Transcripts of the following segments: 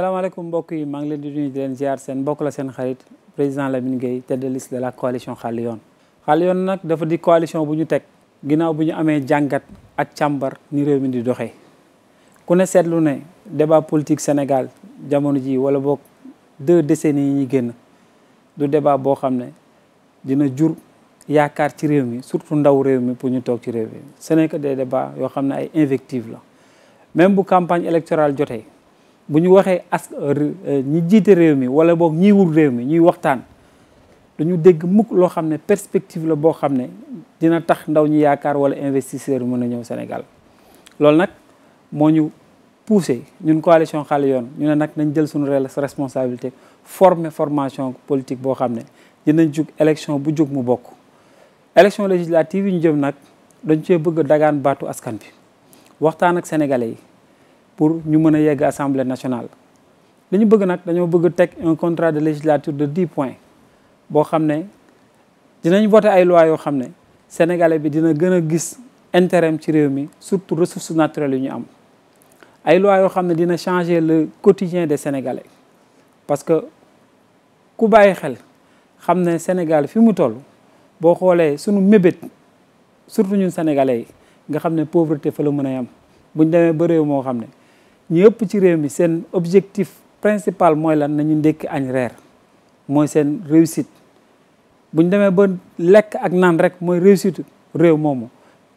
salaamaaleykum mbokk yi maa ngi leen di nuyu di leen ziar seen mbokk la seen xarit président Lamine Gueye tête de liste de la coalition Xàll Yoon Xàll Yoon nag dafa di coalition bu ñu teg ginnaaw bu ñu amee jàngat ak càmbar ni réew mi di doxee ku ne seetlu ne débat politique Sénégal jamono ji wala boog deux décennies yi ñuy génn du débat boo xam ne dina jur yaakaar ci réew mi surtout ndaw réew mi pour ñu toog ci réew mi ce n'est que yoo xam ne ay invectives la même bu campagne électorale jotee bu ñu waxee as euh, euh, ñi jiite réew mi wala boog ñiy wut réew mi ñuy waxtaan dañu dégg mukk loo xam ne perspective la boo xam ne dina tax ndaw ñi yaakaar wala investisseur mën a ñëw Sénégal loolu nag moo ñu poussé ñun coalition Xale Yoon ñu ne nag nañ jël suñu responsabilité forme formation politique boo xam ne dinañ jug élection bu jug mu bokk élection législative yi ñu jëm nag dañ cee bëgg dagaan baatu askan bi waxtaan ak sénégalais yi pour ñu mën a yegg assemblée nationale dañu bëgg nag dañoo bëgg teg un contrat de législature de dix points boo xam ne dinañ voté ay loi yoo xam sénégalais bi dina gën a gis intérêt ci réew mi surtout ressources naturelles yu ñu am ay loi yoo xam dina changer le quotidien des sénégalais parce que ku bàyyi xel xam Sénégal fi mu toll boo xoolee sunu mébét surtout ñun sénégalais yi nga xam pauvreté fa la mën a yam buñ demee ba réew moo ñu ëpp ci réew mi seen objectif principal mooy lan nañu ndékki añ reer mooy seen réussite bu demee ba lekk ak naan rek mooy réussite réew moomu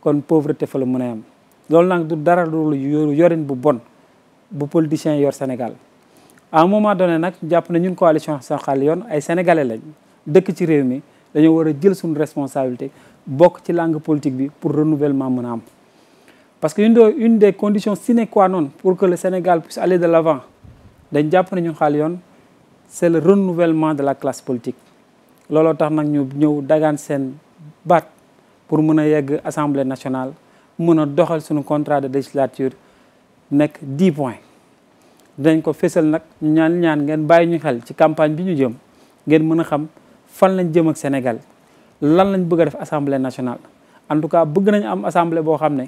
kon pauvreté fa la mën a yam loolu nag du dara loolu yorin bu bon bu politicien yor Sénégal à un moment donné nag jàpp na ñun coalition Saxal yoon ay sénégalais lañ dëkk ci réew mi dañoo war a jël suñu responsabilité bokk ci langue politique bi pour renouvellement mën a am parce que une des conditions sine qua non pour que le Sénégal puisse aller de l'avant dañ jàpp ne c'est le renouvellement de la classe politique Lolo tax nag ñu ñëw dagaan seen pour mën l'Assemblée yegg assemblée nationale mën a doxal un contrat de législature nek 10 points dinañ ko Fessel, nag ñaan ñaan ngeen bàyyi ñu xel ci campagne bi ñu jëm ngeen mën a xam fan jëm Sénégal lan lañ bëgg def assemblée nationale en tout cas bëgg nañ am assemblée une Assemblée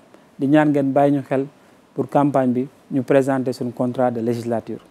di ñaan ngeen bàyyi ñu xel pour campagne bi ñu présenter sun contrat de législature